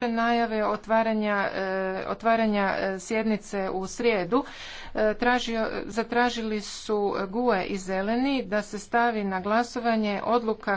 najave otvaranja, e, e, sjednice u srijedu e, zatražili su GUE i Zeleni da se stavi na glasovanje odluka